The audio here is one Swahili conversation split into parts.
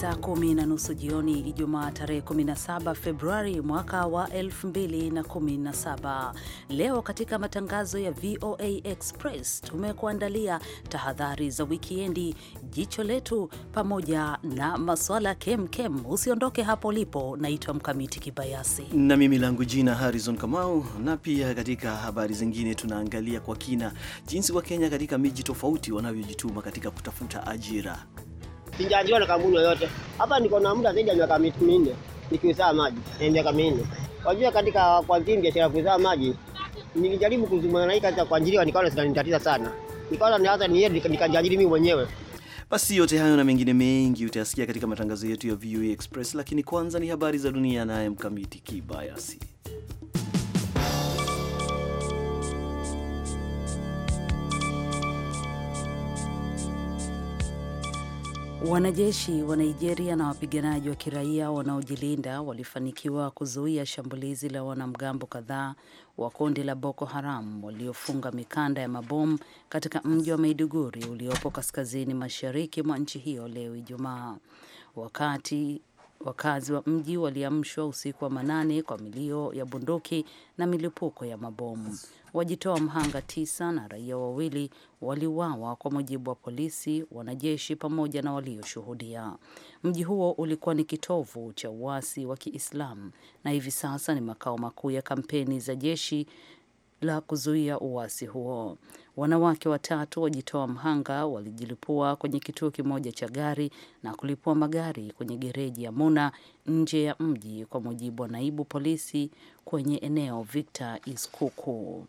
saa kumi na nusu jioni Ijumaa tarehe 17 Februari mwaka wa 2017. Leo katika matangazo ya VOA Express tumekuandalia tahadhari za wikiendi, jicho letu, pamoja na maswala kemkem. Usiondoke hapo ulipo. Naitwa Mkamiti Kibayasi na mimi langu jina Harrison Kamau. Na pia katika habari zingine tunaangalia kwa kina jinsi Wakenya katika miji tofauti wanavyojituma katika kutafuta ajira sijaanjiwa na kampuni yoyote hapa. Niko na muda zaidi ya miaka minne nikiuzaa maji, eh, miaka minne. Wajua, katika kuanzia biashara kuuzaa maji nilijaribu kuzungumza na kazi ya kuajiriwa, nikaona zinanitatiza sana, nikaona nianza niye nikajiajiri mimi mwenyewe. Basi yote hayo na mengine mengi utayasikia katika matangazo yetu ya VOA e Express, lakini kwanza ni habari za dunia, naye Mkamiti Kibayasi. Wanajeshi wa Nigeria na wapiganaji wa kiraia wanaojilinda walifanikiwa kuzuia shambulizi la wanamgambo kadhaa wa kundi la Boko Haram waliofunga mikanda ya mabomu katika mji wa Maiduguri uliopo kaskazini mashariki mwa nchi hiyo leo Ijumaa. Wakati wakazi wa mji waliamshwa usiku wa manane kwa milio ya bunduki na milipuko ya mabomu wajitoa mhanga tisa na raia wawili waliuawa, kwa mujibu wa polisi, wanajeshi pamoja na walioshuhudia. Mji huo ulikuwa ni kitovu cha uasi wa Kiislamu na hivi sasa ni makao makuu ya kampeni za jeshi la kuzuia uasi huo. Wanawake watatu wajitoa mhanga walijilipua kwenye kituo kimoja cha gari na kulipua magari kwenye gereji ya Muna nje ya mji, kwa mujibu wa naibu polisi kwenye eneo Victor Iskuku.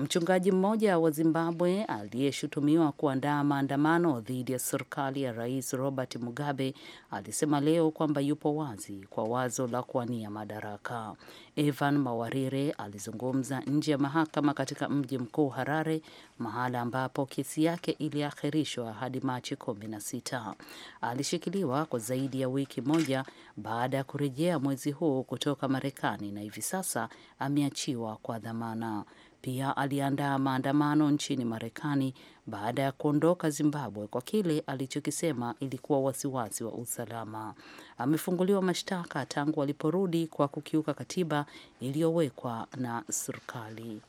Mchungaji mmoja wa Zimbabwe aliyeshutumiwa kuandaa maandamano dhidi ya serikali ya Rais Robert Mugabe alisema leo kwamba yupo wazi kwa wazo la kuwania madaraka. Evan Mawarire alizungumza nje ya mahakama katika mji mkuu Harare, mahala ambapo kesi yake iliahirishwa hadi Machi kumi na sita. Alishikiliwa kwa zaidi ya wiki moja baada ya kurejea mwezi huu kutoka Marekani na hivi sasa ameachiwa kwa dhamana. Pia aliandaa maandamano nchini Marekani baada ya kuondoka Zimbabwe kwa kile alichokisema ilikuwa wasiwasi wa usalama. Amefunguliwa mashtaka tangu aliporudi kwa kukiuka katiba iliyowekwa na serikali.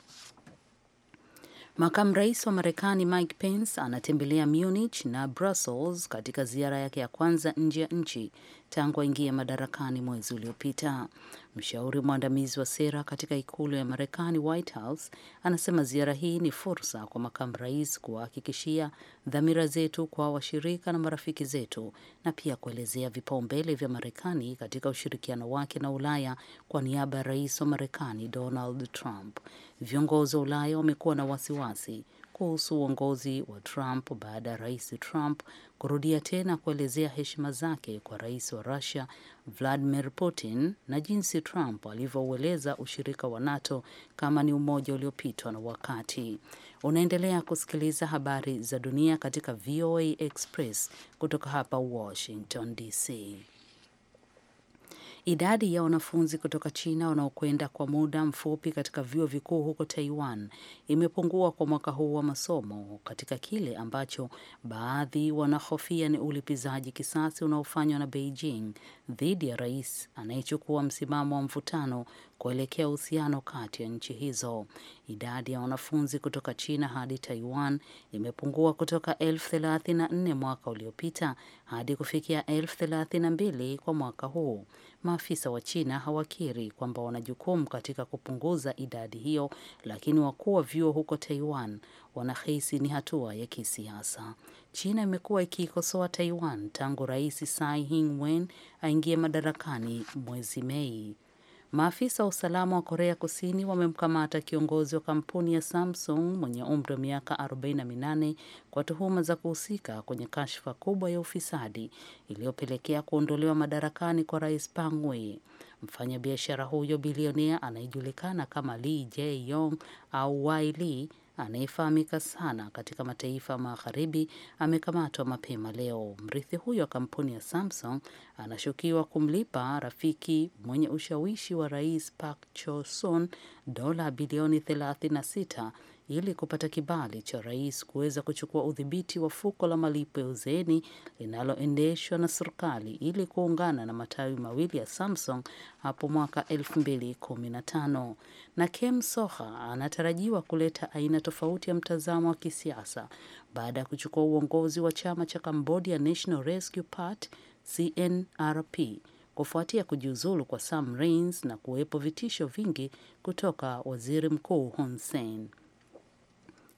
Makamu rais wa Marekani Mike Pence anatembelea Munich na Brussels katika ziara yake ya kwanza nje ya nchi tangu aingia madarakani mwezi uliopita. Mshauri mwandamizi wa sera katika ikulu ya Marekani, White House, anasema ziara hii ni fursa kwa makamu rais kuwahakikishia dhamira zetu kwa washirika na marafiki zetu na pia kuelezea vipaumbele vya Marekani katika ushirikiano wake na Ulaya kwa niaba ya rais wa Marekani Donald Trump. Viongozi wa Ulaya wamekuwa na wasiwasi kuhusu uongozi wa Trump baada ya rais Trump kurudia tena kuelezea heshima zake kwa rais wa Russia Vladimir Putin na jinsi Trump alivyoueleza ushirika wa NATO kama ni umoja uliopitwa na wakati. Unaendelea kusikiliza habari za dunia katika VOA Express kutoka hapa Washington DC. Idadi ya wanafunzi kutoka China wanaokwenda kwa muda mfupi katika vyuo vikuu huko Taiwan imepungua kwa mwaka huu wa masomo katika kile ambacho baadhi wanahofia ni ulipizaji kisasi unaofanywa na Beijing dhidi ya rais anayechukua msimamo wa mvutano kuelekea uhusiano kati ya nchi hizo. Idadi ya wanafunzi kutoka China hadi Taiwan imepungua kutoka elfu 34 mwaka uliopita hadi kufikia elfu 32 kwa mwaka huu. Maafisa wa China hawakiri kwamba wana jukumu katika kupunguza idadi hiyo, lakini wakuu wa vyuo huko Taiwan wanahisi ni hatua ya kisiasa. China imekuwa ikiikosoa Taiwan tangu Rais Tsai Ing-wen aingie madarakani mwezi Mei. Maafisa wa usalama wa Korea Kusini wamemkamata kiongozi wa kampuni ya Samsung mwenye umri wa miaka 48 kwa tuhuma za kuhusika kwenye kashfa kubwa ya ufisadi iliyopelekea kuondolewa madarakani kwa Rais Pangwe. Mfanyabiashara huyo bilionea anayejulikana kama Lee Jae Yong au Wai Lee anayefahamika sana katika mataifa magharibi amekamatwa mapema leo. Mrithi huyo wa kampuni ya Samsung anashukiwa kumlipa rafiki mwenye ushawishi wa rais Park Choson dola bilioni 36 ili kupata kibali cha rais kuweza kuchukua udhibiti wa fuko la malipo ya uzeeni linaloendeshwa na serikali ili kuungana na matawi mawili ya Samsung hapo mwaka 2015. Na Kem Soha anatarajiwa kuleta aina tofauti ya mtazamo wa kisiasa baada ya kuchukua uongozi wa chama cha Cambodia National Rescue Party CNRP kufuatia kujiuzulu kwa Sam Rains na kuwepo vitisho vingi kutoka Waziri Mkuu Hun Sen.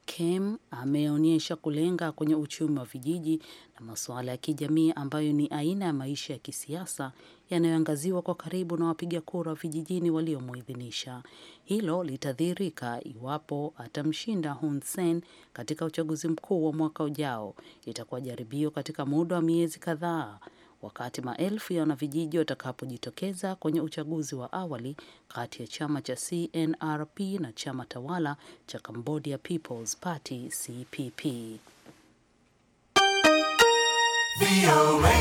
Kem ameonyesha kulenga kwenye uchumi wa vijiji na masuala ya kijamii ambayo ni aina ya maisha ya kisiasa yanayoangaziwa kwa karibu na wapiga kura vijijini waliomuidhinisha. Hilo litadhihirika iwapo atamshinda Hun Sen katika uchaguzi mkuu wa mwaka ujao. Itakuwa jaribio katika muda wa miezi kadhaa wakati maelfu ya wanavijiji watakapojitokeza kwenye uchaguzi wa awali kati ya chama cha CNRP na chama tawala cha Cambodia People's Party CPP. VOA.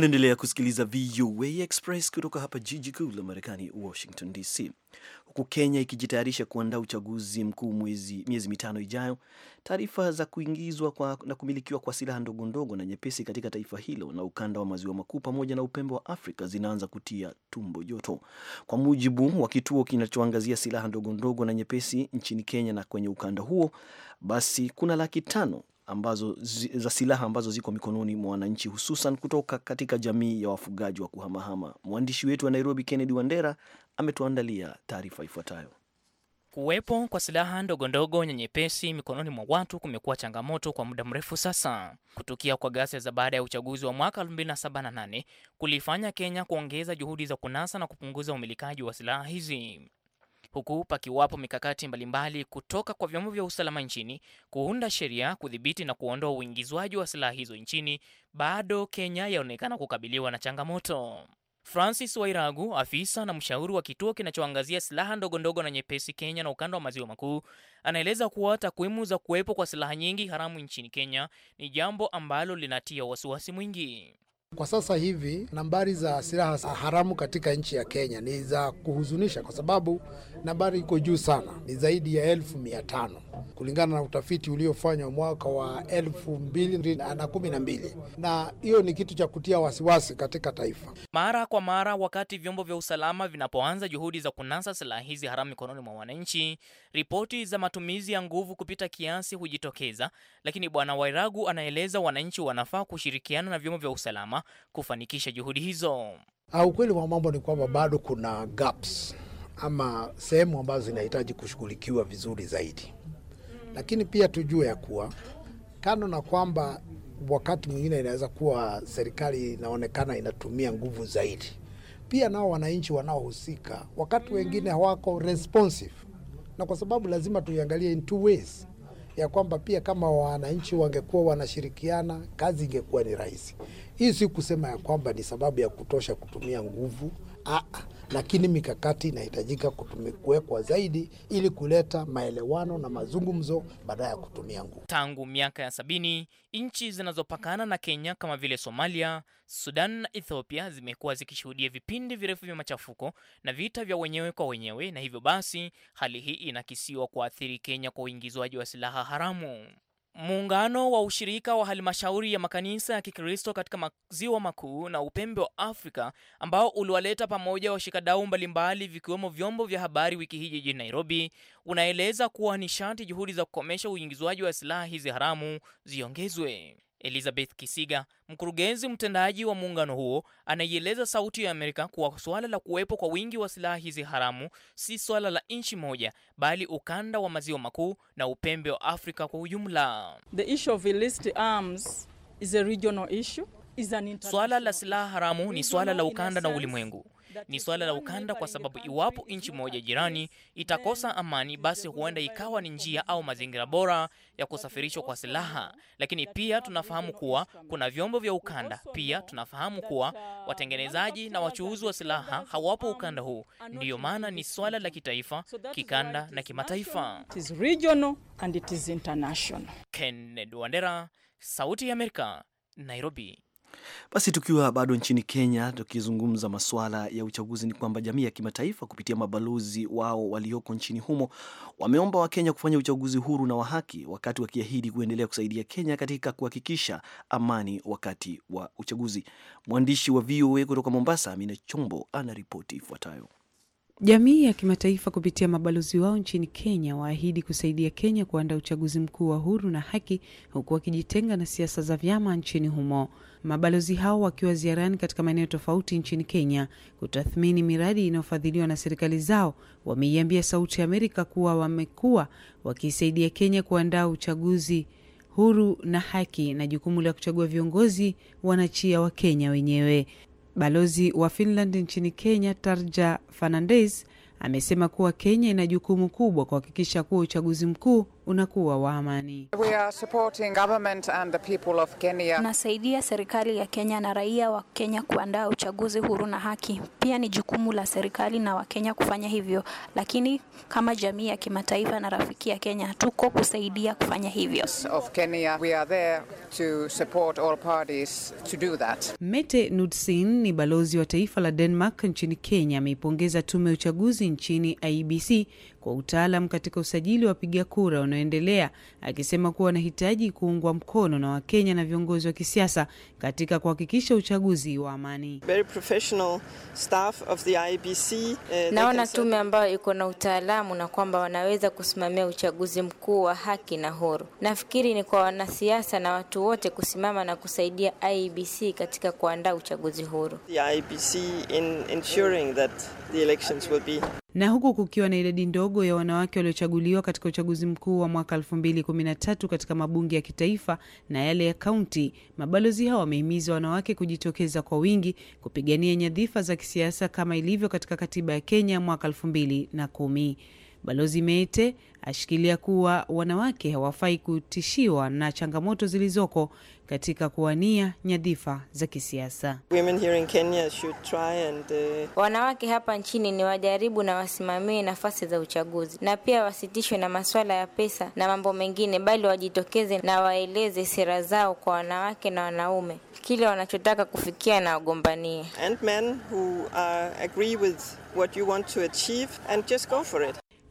Unaendelea kusikiliza VOA Express kutoka hapa jiji kuu la Marekani, Washington DC. Huku Kenya ikijitayarisha kuandaa uchaguzi mkuu mwezi, miezi mitano ijayo, taarifa za kuingizwa kwa, na kumilikiwa kwa silaha ndogo ndogo na nyepesi katika taifa hilo na ukanda wa maziwa makuu pamoja na upembe wa Afrika zinaanza kutia tumbo joto, kwa mujibu wa kituo kinachoangazia silaha ndogo ndogo na nyepesi nchini Kenya na kwenye ukanda huo, basi kuna laki tano ambazo za silaha ambazo ziko mikononi mwa wananchi hususan kutoka katika jamii ya wafugaji wa kuhamahama. Mwandishi wetu wa Nairobi Kennedy Wandera ametuandalia taarifa ifuatayo. Kuwepo kwa silaha ndogo ndogo nyenyepesi mikononi mwa watu kumekuwa changamoto kwa muda mrefu sasa. Kutukia kwa ghasia za baada ya uchaguzi wa mwaka 2007 na kulifanya Kenya kuongeza juhudi za kunasa na kupunguza umilikaji wa silaha hizi huku pakiwapo mikakati mbalimbali kutoka kwa vyombo vya usalama nchini kuunda sheria kudhibiti na kuondoa uingizwaji wa silaha hizo nchini, bado Kenya yaonekana kukabiliwa na changamoto. Francis Wairagu, afisa na mshauri wa kituo kinachoangazia silaha ndogondogo na nyepesi Kenya na ukanda wa maziwa makuu, anaeleza kuwa takwimu za kuwepo kwa silaha nyingi haramu nchini Kenya ni jambo ambalo linatia wasiwasi mwingi. Kwa sasa hivi nambari za silaha haramu katika nchi ya Kenya ni za kuhuzunisha, kwa sababu nambari iko juu sana, ni zaidi ya elfu mia tano kulingana na utafiti uliofanywa mwaka wa elfu mbili na kumi na mbili, na hiyo ni kitu cha kutia wasiwasi katika taifa. Mara kwa mara, wakati vyombo vya usalama vinapoanza juhudi za kunasa silaha hizi haramu mikononi mwa wananchi, ripoti za matumizi ya nguvu kupita kiasi hujitokeza, lakini Bwana Wairagu anaeleza wananchi wanafaa kushirikiana na vyombo vya usalama kufanikisha juhudi hizo. Ah, ukweli wa mambo ni kwamba bado kuna gaps ama sehemu ambazo zinahitaji kushughulikiwa vizuri zaidi, lakini pia tujue ya kuwa kando na kwamba wakati mwingine inaweza kuwa serikali inaonekana inatumia nguvu zaidi, pia nao wananchi wanaohusika wakati wengine hawako responsive, na kwa sababu lazima tuiangalie in two ways ya kwamba pia kama wananchi wangekuwa wanashirikiana kazi ingekuwa ni rahisi. Hii si kusema ya kwamba ni sababu ya kutosha kutumia nguvu. Ah, ah lakini mikakati inahitajika kuwekwa zaidi ili kuleta maelewano na mazungumzo baadaye ya kutumia nguvu. Tangu miaka ya sabini, nchi zinazopakana na Kenya kama vile Somalia, Sudan na Ethiopia zimekuwa zikishuhudia vipindi virefu vya machafuko na vita vya wenyewe kwa wenyewe, na hivyo basi hali hii inakisiwa kuathiri Kenya kwa uingizwaji wa silaha haramu. Muungano wa ushirika wa halmashauri ya makanisa ya Kikristo katika maziwa makuu na upembe wa Afrika ambao uliwaleta pamoja washikadau mbalimbali vikiwemo vyombo vya habari wiki hii jijini Nairobi unaeleza kuwa nishati juhudi za kukomesha uingizwaji wa silaha hizi haramu ziongezwe. Elizabeth Kisiga, mkurugenzi mtendaji wa muungano huo, anaieleza Sauti ya Amerika kuwa suala la kuwepo kwa wingi wa silaha hizi haramu si suala la nchi moja, bali ukanda wa maziwa makuu na upembe wa Afrika kwa ujumla. Suala la silaha haramu ni suala la ukanda na ulimwengu ni suala la ukanda, kwa sababu iwapo nchi moja jirani itakosa amani, basi huenda ikawa ni njia au mazingira bora ya kusafirishwa kwa silaha. Lakini pia tunafahamu kuwa kuna vyombo vya ukanda. Pia tunafahamu kuwa watengenezaji na wachuuzi wa silaha hawapo ukanda huu. Ndiyo maana ni swala la kitaifa, kikanda na kimataifa. Kennedy Wandera, Sauti ya Amerika, Nairobi. Basi tukiwa bado nchini Kenya, tukizungumza masuala ya uchaguzi, ni kwamba jamii ya kimataifa kupitia mabalozi wao walioko nchini humo wameomba Wakenya kufanya uchaguzi huru na wa haki, wakati wakiahidi kuendelea kusaidia Kenya katika kuhakikisha amani wakati wa uchaguzi. Mwandishi wa VOA kutoka Mombasa, Amina Chombo, anaripoti ifuatayo. Jamii ya kimataifa kupitia mabalozi wao nchini Kenya waahidi kusaidia Kenya kuandaa uchaguzi mkuu wa huru na haki, huku wakijitenga na siasa za vyama nchini humo. Mabalozi hao wakiwa ziarani katika maeneo tofauti nchini Kenya kutathmini miradi inayofadhiliwa na serikali zao, wameiambia Sauti ya Amerika kuwa wamekuwa wakiisaidia Kenya kuandaa uchaguzi huru na haki na jukumu la kuchagua viongozi wanachia wa Kenya wenyewe. Balozi wa Finland nchini Kenya Tarja Fernandes amesema kuwa Kenya ina jukumu kubwa kuhakikisha kuwa uchaguzi mkuu unakuwa wa amani. Tunasaidia serikali ya Kenya na raia wa Kenya kuandaa uchaguzi huru na haki. Pia ni jukumu la serikali na Wakenya kufanya hivyo, lakini kama jamii ya kimataifa na rafiki ya Kenya tuko kusaidia kufanya hivyo. Mette Nudsin ni balozi wa taifa la Denmark nchini Kenya ameipongeza tume ya uchaguzi nchini IBC kwa utaalam katika usajili wa wapiga kura unaoendelea, akisema kuwa wanahitaji kuungwa mkono na Wakenya na viongozi wa kisiasa katika kuhakikisha uchaguzi wa amani. Eh, Naona tume ambayo iko na utaalamu na kwamba wanaweza kusimamia uchaguzi mkuu wa haki na huru. Nafikiri ni kwa wanasiasa na watu wote kusimama na kusaidia ibc katika kuandaa uchaguzi huru. The in ensuring that the elections will be na huku kukiwa na idadi ndogo ya wanawake waliochaguliwa katika uchaguzi mkuu wa mwaka 213 katika mabunge ya kitaifa na yale ya kaunti, mabalozi hao wamehimiza wanawake kujitokeza kwa wingi kupigania nyadhifa za kisiasa kama ilivyo katika katiba ya Kenya mwaka 2010. Balozi Mete ashikilia kuwa wanawake hawafai kutishiwa na changamoto zilizoko katika kuwania nyadhifa za kisiasa. Uh, wanawake hapa nchini ni wajaribu na wasimamie nafasi za uchaguzi, na pia wasitishwe na masuala ya pesa na mambo mengine, bali wajitokeze na waeleze sera zao kwa wanawake na wanaume, kile wanachotaka kufikia na wagombanie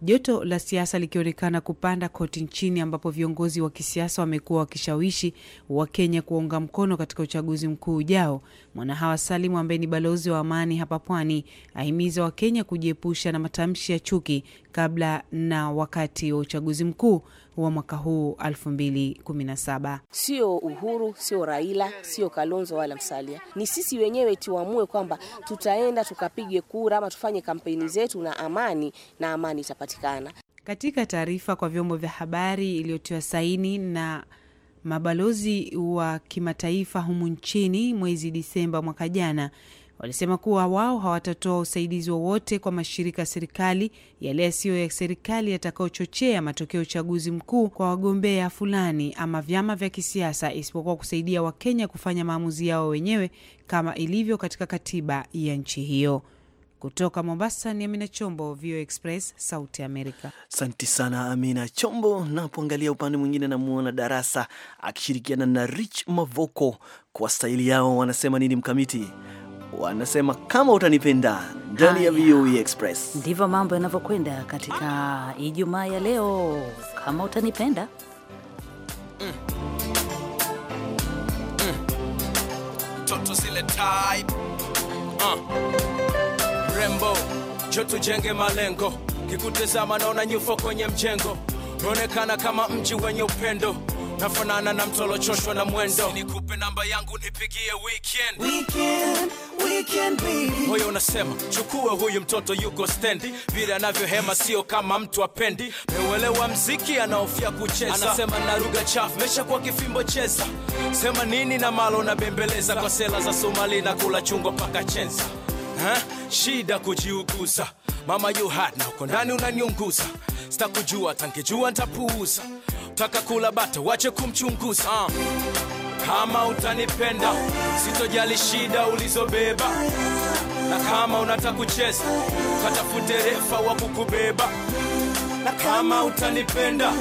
joto la siasa likionekana kupanda koti nchini ambapo viongozi wa kisiasa wamekuwa wakishawishi Wakenya kuwaunga mkono katika uchaguzi mkuu ujao. Mwanahawa Salimu ambaye ni balozi wa amani hapa Pwani ahimiza Wakenya kujiepusha na matamshi ya chuki kabla na wakati wa uchaguzi mkuu, wa mwaka huu 2017. Sio Uhuru, sio Raila, sio Kalonzo wala Msalia, ni sisi wenyewe tuamue kwamba tutaenda tukapige kura ama tufanye kampeni zetu na amani, na amani itapatikana. Katika taarifa kwa vyombo vya habari iliyotiwa saini na mabalozi wa kimataifa humu nchini mwezi Disemba mwaka jana walisema kuwa wao hawatatoa usaidizi wowote kwa mashirika ya serikali yale yasiyo ya serikali yatakayochochea matokeo ya uchaguzi mkuu kwa wagombea fulani ama vyama vya kisiasa, isipokuwa kusaidia Wakenya kufanya maamuzi yao wenyewe kama ilivyo katika katiba ya nchi hiyo. Kutoka Mombasa ni Amina Chombo, vo Express, Sauti Amerika. asanti sana Amina Chombo. Napoangalia upande mwingine, namuona Darasa akishirikiana na Rich Mavoko kwa staili yao, wanasema nini mkamiti wanasema kama utanipenda ndani ya VOA e Express. Ndivyo mambo yanavyokwenda katika Ijumaa ya leo, kama utanipenda mm. rembo Jo, tujenge malengo, kikutazama naona nyufo kwenye mjengo, naonekana kama mji wenye upendo, nafanana na mtolochoshwa na mwendo, nikupe namba yangu nipigie weekend. Weekend moyo unasema chukue huyu mtoto yuko stendi vile anavyohema sio kama mtu apendi meuelewa mziki anaofia kucheza anasema na ruga chafu mesha kwa kifimbo cheza sema nini na malo na bembeleza kwa sela za somali na kula chungo paka chenza shida kujiuguza mama yuhat na uko ndani unaniunguza sitakujua tankijua ntapuuza taka kula bata wache kumchunguza uh kama utanipenda sitojali shida ulizobeba na kama unataka kucheza katafute refa wa kukubeba na kama utanipenda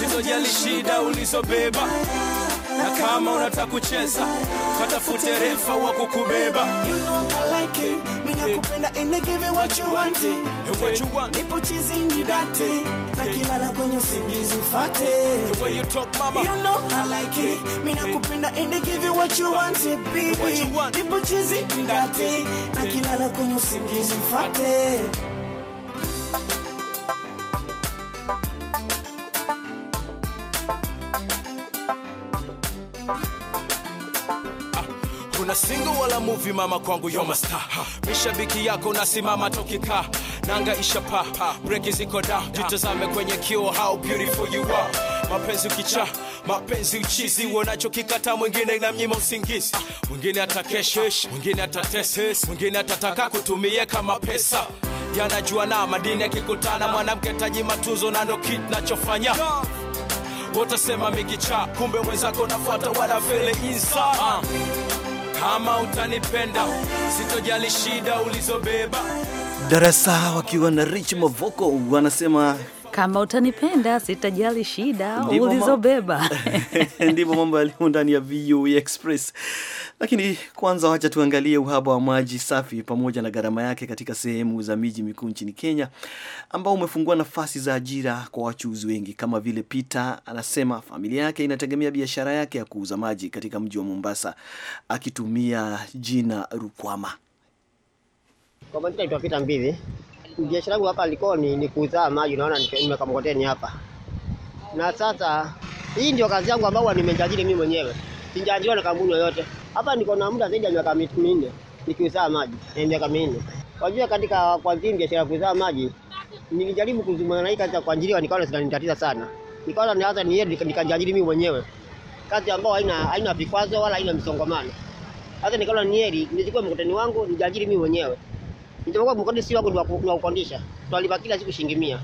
sitojali shida ulizobeba na kama unataka kucheza katafute refa wa kukubeba you know yake ninakupenda ene give what you want what you want nipo chizi nidate nakilala kwenye singizi ufate the way you talk mama you know I like it ninakupenda ene give what you want baby nipo chizi nidate nakilala kwenye usingizi ufate na single wala movie, mama kwangu yoma Mishabiki yako nasimama tokika nanga ishapa breki ziko da, jitazame kwenye kio, how beautiful you are. Mapenzi ukicha mapenzi uchizi, kikata mwingine mnyima usingizi, mwingine atakeshesh, mwingine atateses, mwingine atataka kutumie kama pesa yanajua na madini yakikutana, mwanamke taji matunzo, na kit kitu nachofanya wotasema mikicha, kumbe mwenzako nafuata vele inside uh kama utanipenda sitojali shida ulizobeba. Darasa wakiwa na Rich Mavoko wanasema kama utanipenda sitajali shida ulizobeba. Ndivyo mambo yaliyo ndani ya VOA Express. Lakini kwanza, wacha tuangalie uhaba wa maji safi pamoja na gharama yake katika sehemu za miji mikuu nchini Kenya, ambao umefungua nafasi za ajira kwa wachuuzi wengi, kama vile Peter anasema familia yake inategemea biashara yake ya kuuza maji katika mji wa Mombasa akitumia jina Rukwama. Kwa biashara yangu hapa ilikuwa ni, ni kuzaa maji, unaona nimeka mkokoteni hapa. Na sasa hii ndio kazi yangu ambayo nimejiajiri mimi mwenyewe, sijaajiriwa na kampuni yoyote. Hapa niko na muda zaidi ya miaka minne nikiuzaa maji na eh, miaka minne. Wajua, katika kwa vindi ya ya kuzaa maji nilijaribu kuzungumza na hii kazi ya kuajiriwa, nikaona zinanitatiza sana, nikaona ni hata ni yeye nikajiajiri mimi mwenyewe, kazi ambayo haina haina vikwazo wala haina msongamano. Hata nikaona ni yeye nichukue mkokoteni wangu nijiajiri mimi mwenyewe. Nitakuwa mkondi si wangu ni wa kukondisha. Tunalipa kila siku shilingi 100.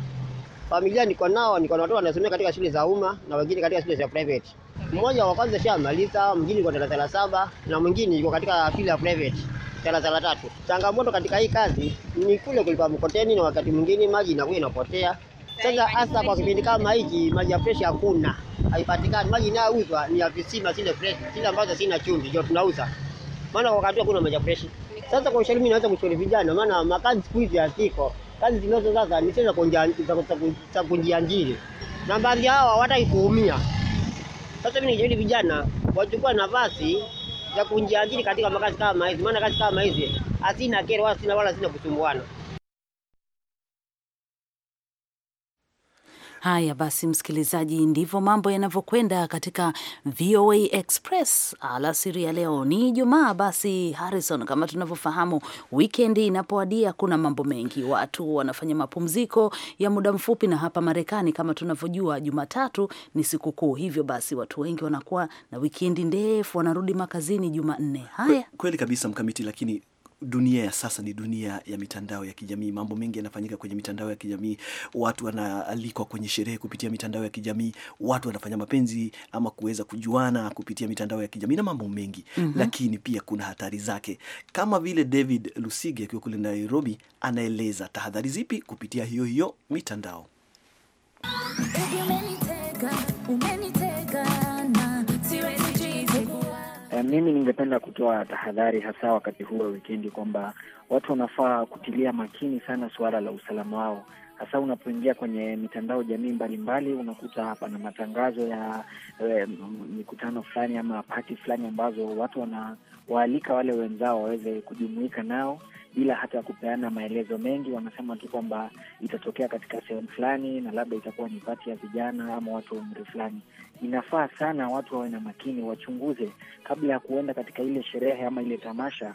Familia niko nao, niko na watoto wanasomea katika shule za umma na wengine katika shule za private. Mmoja wa kwanza shamaliza, mwingine yuko darasa la saba na mwingine yuko katika shule ya private darasa la tatu. Changamoto katika hii kazi ni kule kulipa mkoteni na wakati mwingine maji inakuwa inapotea. Sasa hasa kwa kipindi kama hiki maji ya fresh hakuna, haipatikani. Maji inayouzwa ni ya visima, zile fresh, zile ambazo sina chumvi ndio tunauza, maana wakati hakuna maji ya fresh. Sasa kwa ushauri mimi naweza kushauri vijana, maana makazi siku hizi haziko. Kazi zinazo sasa ni sasa za kujiajiri, na baadhi yao hawataki kuumia. Sasa mimi ningejiudi vijana wachukua nafasi za kujiajiri katika makazi kama hizi, maana kazi kama hizi hazina kero, wala hazina kusumbuana. Haya basi, msikilizaji, ndivyo mambo yanavyokwenda katika VOA Express alasiri ya leo. Ni Ijumaa. Basi Harrison, kama tunavyofahamu, wikendi inapoadia kuna mambo mengi, watu wanafanya mapumziko ya muda mfupi, na hapa Marekani kama tunavyojua, Jumatatu ni sikukuu. Hivyo basi watu wengi wanakuwa na wikendi ndefu, wanarudi makazini Jumanne. Haya, kweli kabisa mkamiti, lakini dunia ya sasa ni dunia ya mitandao ya kijamii. Mambo mengi yanafanyika kwenye mitandao ya kijamii, watu wanaalikwa kwenye sherehe kupitia mitandao ya kijamii, watu wanafanya mapenzi ama kuweza kujuana kupitia mitandao ya kijamii na mambo mengi mm -hmm. Lakini pia kuna hatari zake, kama vile David Lusige akiwa kule Nairobi anaeleza tahadhari zipi kupitia hiyo hiyo mitandao. Umenitega, mimi ningependa kutoa tahadhari hasa wakati huu wa wikendi kwamba watu wanafaa kutilia makini sana suala la usalama wao, hasa unapoingia kwenye mitandao jamii mbalimbali, unakuta hapa na matangazo ya e, mikutano fulani ama pati fulani ambazo watu wanawaalika wale wenzao waweze kujumuika nao bila hata ya kupeana maelezo mengi. Wanasema tu kwamba itatokea katika sehemu fulani na labda itakuwa ni pati ya vijana ama watu wa umri fulani inafaa sana watu wawe na makini, wachunguze kabla ya kuenda katika ile sherehe ama ile tamasha.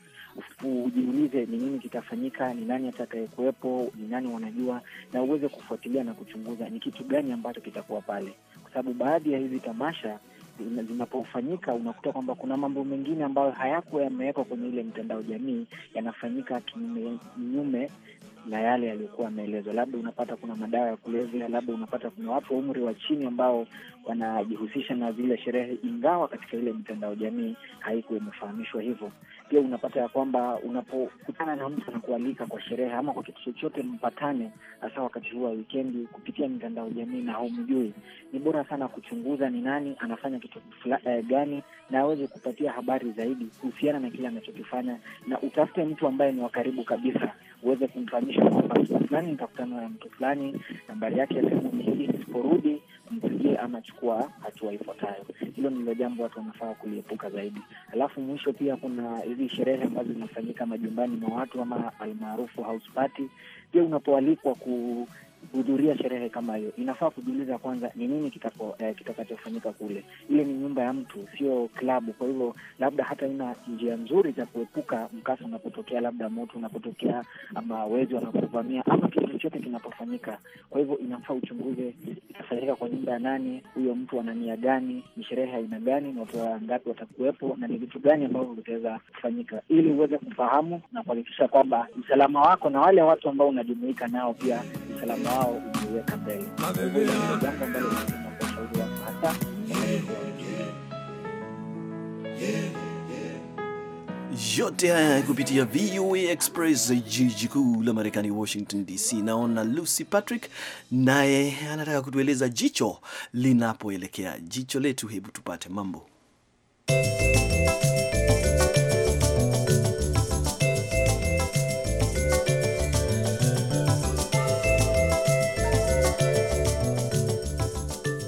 Ujiulize ni nini kitafanyika, ni nani atakayekuwepo, ni nani wanajua, na uweze kufuatilia na kuchunguza ni kitu gani ambacho kitakuwa pale, kwa sababu baadhi ya hizi tamasha zinapofanyika unakuta kwamba kuna mambo mengine ambayo hayakuwa yamewekwa kwenye ile mtandao jamii yanafanyika kinyume na yale yaliyokuwa yameelezwa. Labda unapata kuna madawa ya kulevya, labda unapata kuna watu wa umri wa chini ambao wanajihusisha na zile sherehe, ingawa katika ile mitandao jamii haikuwa imefahamishwa hivyo. Pia unapata ya kwamba unapokutana na mtu kualika kwa sherehe ama kwa kitu chochote mpatane, hasa wakati huu wa wikendi, kupitia mitandao jamii na haumjui, ni bora sana kuchunguza ni nani anafanya kitu eh, gani, na aweze kupatia habari zaidi kuhusiana na kile anachokifanya, na utafute mtu ambaye ni wa karibu kabisa uweze kumfanyisha kwamba fulani nitakutana na mtu fulani, nambari yake ya simu ni hii, isiporudi mpigie ama chukua hatua ifuatayo. Hilo ndilo jambo watu wanafaa kuliepuka zaidi. Alafu mwisho pia kuna hizi sherehe ambazo zinafanyika majumbani mwa watu ama almaarufu house party. Pia unapoalikwa ku kuhudhuria sherehe kama hiyo, inafaa kujiuliza kwanza ni nini eh, kitakachofanyika eh, kule. Ile ni nyumba ya mtu, sio klabu. Kwa hivyo labda hata ina njia nzuri za kuepuka mkasa unapotokea, labda moto unapotokea, ama wezi wanapovamia, ama kitu chochote kinapofanyika. Kwa hivyo inafaa uchunguze itafanyika kwa nyumba ya nani, huyo mtu ana nia gani, ni sherehe aina gani, na watu wangapi watakuwepo, na ni vitu gani ambavyo vitaweza kufanyika, ili uweze kufahamu na kuhakikisha kwamba usalama wako na wale watu ambao unajumuika nao pia usalama mbele. yote haya kupitia VOA Express, jiji kuu la Marekani, Washington DC. Naona Lucy Patrick naye anataka kutueleza jicho linapoelekea. Jicho letu, hebu tupate mambo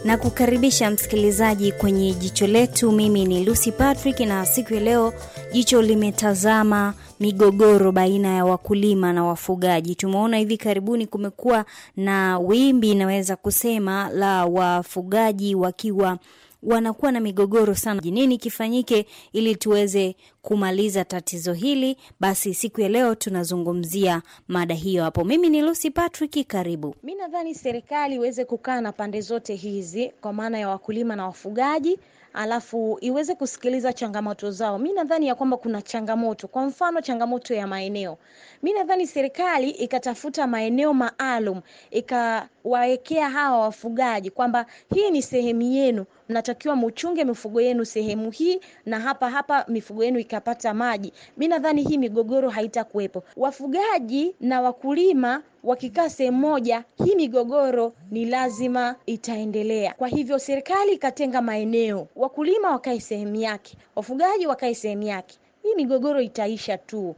na kukaribisha msikilizaji kwenye jicho letu. Mimi ni Lucy Patrick, na siku ya leo jicho limetazama migogoro baina ya wakulima na wafugaji. Tumeona hivi karibuni kumekuwa na wimbi, inaweza kusema la wafugaji wakiwa wanakuwa na migogoro sana. Nini kifanyike ili tuweze kumaliza tatizo hili? Basi siku ya leo tunazungumzia mada hiyo hapo. Mimi ni Lucy Patrick, karibu. Mi nadhani serikali iweze kukaa na pande zote hizi, kwa maana ya wakulima na wafugaji, alafu iweze kusikiliza changamoto zao. Mi nadhani ya kwamba kuna changamoto, kwa mfano changamoto ya maeneo. Mi nadhani serikali ikatafuta maeneo maalum, ikawawekea hawa wafugaji kwamba hii ni sehemu yenu mnatakiwa muchunge mifugo yenu sehemu hii na hapa hapa mifugo yenu ikapata maji. Mi nadhani hii migogoro haitakuwepo. Wafugaji na wakulima wakikaa sehemu moja, hii migogoro ni lazima itaendelea. Kwa hivyo serikali ikatenga maeneo, wakulima wakae sehemu yake, wafugaji wakae sehemu yake, hii migogoro itaisha tu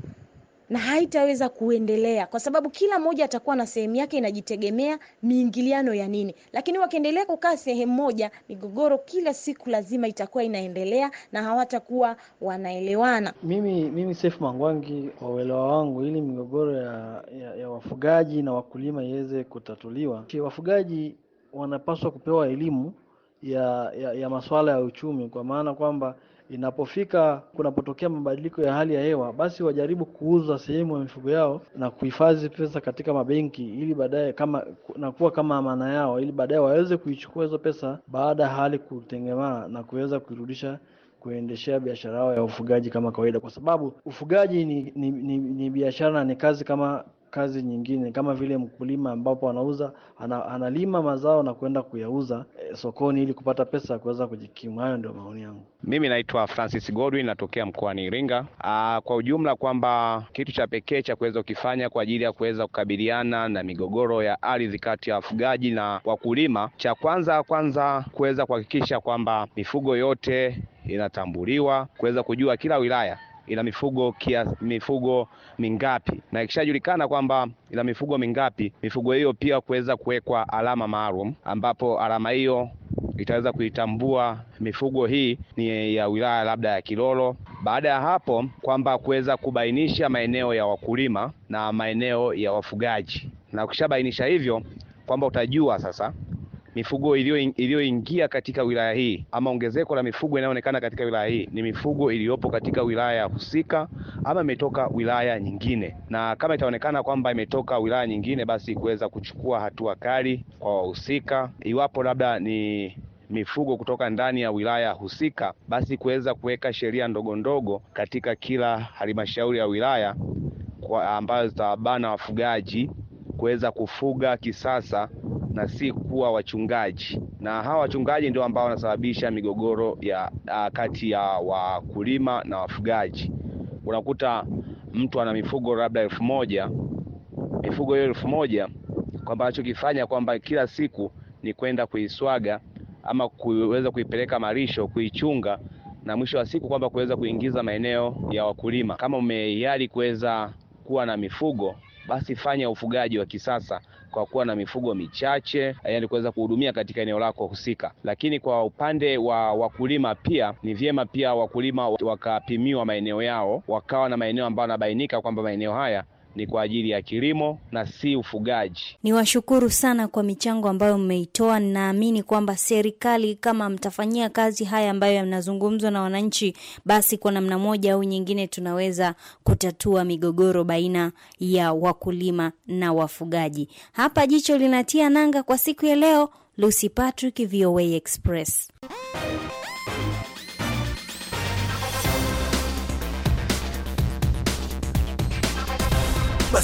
na haitaweza kuendelea kwa sababu kila mmoja atakuwa na sehemu yake, inajitegemea miingiliano ya nini. Lakini wakiendelea kukaa sehemu moja, migogoro kila siku lazima itakuwa inaendelea na hawatakuwa wanaelewana. Mimi, mimi Seif Mangwangi, kwa uelewa wangu, ili migogoro ya, ya, ya wafugaji na wakulima iweze kutatuliwa, wafugaji wanapaswa kupewa elimu ya, ya, ya masuala ya uchumi kwa maana kwamba inapofika kunapotokea mabadiliko ya hali ya hewa, basi wajaribu kuuza sehemu ya mifugo yao na kuhifadhi pesa katika mabenki, ili baadaye kama nakuwa kama amana yao, ili baadaye waweze kuichukua hizo pesa baada ya hali kutengemaa na kuweza kuirudisha kuendeshea biashara yao ya ufugaji kama kawaida, kwa sababu ufugaji ni, ni, ni, ni biashara na ni kazi kama kazi nyingine kama vile mkulima ambapo anauza ana, analima mazao na kwenda kuyauza e, sokoni ili kupata pesa ya kuweza kujikimu. Hayo ndio maoni yangu. Mimi naitwa Francis Godwin natokea mkoani Iringa. Aa, ah, kwa ujumla kwamba kitu cha pekee cha kuweza kukifanya kwa ajili ya kuweza kukabiliana na migogoro ya ardhi kati ya wafugaji na wakulima, cha kwanza kwanza kuweza kuhakikisha kwamba mifugo yote inatambuliwa, kuweza kujua kila wilaya ina mifugo kiasi, mifugo mingapi, na ikishajulikana kwamba ina mifugo mingapi, mifugo hiyo pia kuweza kuwekwa alama maalum, ambapo alama hiyo itaweza kuitambua mifugo hii ni ya wilaya labda ya Kilolo. Baada ya hapo, kwamba kuweza kubainisha maeneo ya wakulima na maeneo ya wafugaji, na ukishabainisha hivyo kwamba utajua sasa mifugo iliyoingia katika wilaya hii ama ongezeko la mifugo inayoonekana katika wilaya hii ni mifugo iliyopo katika wilaya husika ama imetoka wilaya nyingine, na kama itaonekana kwamba imetoka wilaya nyingine, basi kuweza kuchukua hatua kali kwa wahusika, iwapo labda ni mifugo kutoka ndani ya wilaya husika, basi kuweza kuweka sheria ndogo ndogo katika kila halmashauri ya wilaya ambazo zitabana wafugaji kuweza kufuga kisasa na si kuwa wachungaji, na hawa wachungaji ndio ambao wanasababisha migogoro ya kati ya wakulima na wafugaji. Unakuta mtu ana mifugo labda elfu moja mifugo hiyo elfu moja kwamba anachokifanya kwamba kila siku ni kwenda kuiswaga ama kuweza kuipeleka marisho kuichunga na mwisho wa siku kwamba kuweza kuingiza maeneo ya wakulima. Kama umeyali kuweza kuwa na mifugo, basi fanya ufugaji wa kisasa kwa kuwa na mifugo michache, eh, yani kuweza kuhudumia katika eneo lako husika. Lakini kwa upande wa wakulima pia ni vyema pia wakulima wakapimiwa maeneo yao, wakawa na maeneo ambayo yanabainika kwamba maeneo haya ni kwa ajili ya kilimo na si ufugaji. Ni washukuru sana kwa michango ambayo mmeitoa. Ninaamini kwamba serikali kama mtafanyia kazi haya ambayo yanazungumzwa na wananchi, basi kwa namna moja au nyingine tunaweza kutatua migogoro baina ya wakulima na wafugaji. Hapa jicho linatia nanga kwa siku ya leo. Lucy Patrick, VOA Express.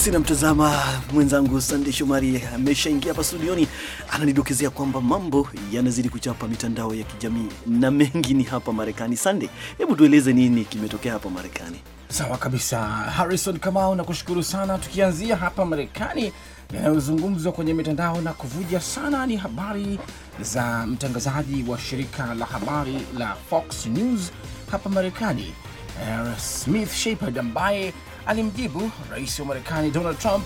basi namtazama mwenzangu sandey Shomari ameshaingia hapa studioni, ananidokezea kwamba mambo yanazidi kuchapa mitandao ya kijamii na mengi ni hapa Marekani. sandey hebu tueleze nini kimetokea hapa Marekani? Sawa kabisa, Harrison Kamau, nakushukuru sana. Tukianzia hapa Marekani, yanayozungumzwa kwenye mitandao na kuvuja sana ni habari za mtangazaji wa shirika la habari la Fox News hapa Marekani, eh, Smith Shepard ambaye alimjibu rais wa Marekani Donald Trump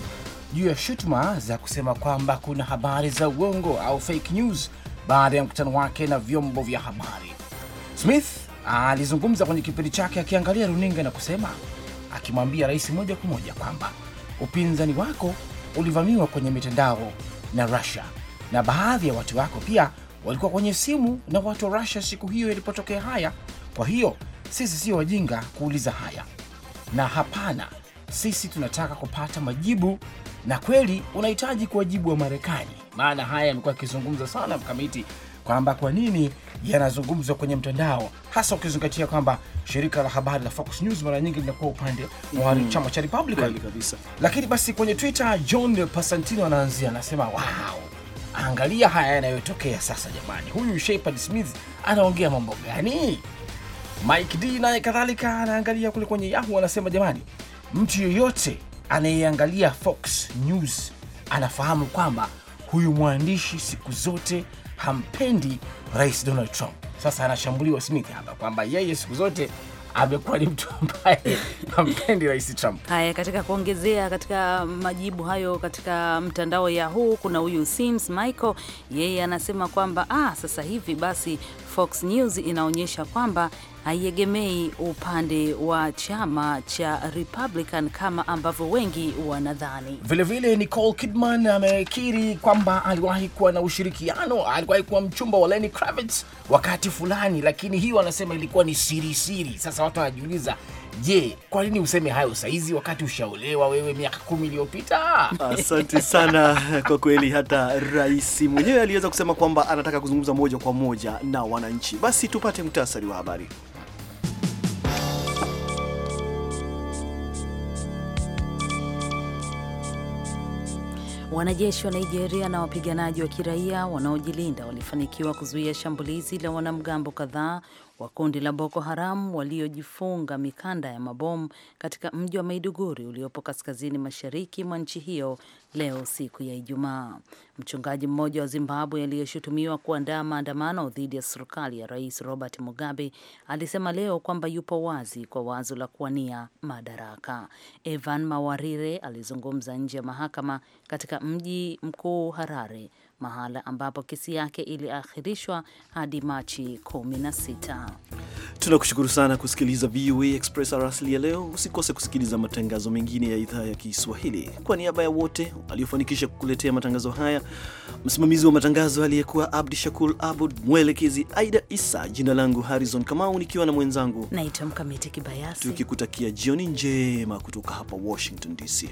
juu ya shutuma za kusema kwamba kuna habari za uongo au fake news baada ya mkutano wake na vyombo vya habari. Smith alizungumza kwenye kipindi chake akiangalia runinga na kusema, akimwambia rais moja kwa moja kwamba upinzani wako ulivamiwa kwenye mitandao na Russia na baadhi ya watu wako pia walikuwa kwenye simu na watu wa Russia siku hiyo yalipotokea haya. Kwa hiyo sisi sio wajinga kuuliza haya na hapana. Sisi tunataka kupata majibu, na kweli unahitaji kuwajibu wa Marekani, maana haya yamekuwa yakizungumza sana mkamiti kwamba kwa nini yanazungumzwa kwenye mtandao, hasa ukizingatia kwamba shirika la habari la Fox News mara nyingi linakuwa upande wa mm, chama cha Republican kabisa. Lakini basi kwenye Twitter John Pasantino anaanzia anasema, wow, angalia haya yanayotokea sasa jamani, huyu Shepard Smith anaongea mambo gani? Mike D naye kadhalika anaangalia kule kwenye Yahoo, anasema jamani, mtu yoyote anayeangalia Fox News anafahamu kwamba huyu mwandishi siku zote hampendi Rais Donald Trump. Sasa anashambuliwa Smith hapa kwamba yeye siku zote amekuwa ni mtu ambaye hampendi Rais Trump. Haya, katika kuongezea katika majibu hayo katika mtandao Yahoo, kuna huyu Sims Michael, yeye anasema kwamba ah, sasa hivi basi Fox News inaonyesha kwamba haiegemei upande wa chama cha Republican kama ambavyo wengi wanadhani. Vilevile, Nicole Kidman amekiri kwamba aliwahi kuwa na ushirikiano, aliwahi kuwa mchumba wa Lenny Kravitz wakati fulani, lakini hiyo anasema ilikuwa ni siri siri. Sasa watu wanajiuliza Je, kwa nini useme hayo saizi wakati ushaolewa wewe miaka kumi iliyopita? Asante sana kwa kweli, hata rais mwenyewe aliweza kusema kwamba anataka kuzungumza moja kwa moja na wananchi. Basi tupate muhtasari wa habari. Wanajeshi wa Nigeria na wapiganaji wa kiraia wanaojilinda walifanikiwa kuzuia shambulizi la wanamgambo kadhaa wa kundi la Boko Haram waliojifunga mikanda ya mabomu katika mji wa Maiduguri uliopo kaskazini mashariki mwa nchi hiyo leo siku ya Ijumaa. Mchungaji mmoja wa Zimbabwe aliyeshutumiwa kuandaa maandamano dhidi ya serikali ya Rais Robert Mugabe alisema leo kwamba yupo wazi kwa wazo la kuwania madaraka. Evan Mawarire alizungumza nje ya mahakama katika mji mkuu Harare mahala ambapo kesi yake iliahirishwa hadi Machi 16. Tunakushukuru sana kusikiliza VOA Express arasli ya leo. Usikose kusikiliza matangazo mengine ya idhaa ya Kiswahili. Kwa niaba ya wote waliofanikisha kukuletea matangazo haya, msimamizi wa matangazo aliyekuwa Abdi Shakur Abud, mwelekezi Aida Isa, jina langu Harrison Kamau nikiwa na mwenzangu naitwa Mkamiti Kibayasi, tukikutakia jioni njema kutoka hapa Washington DC.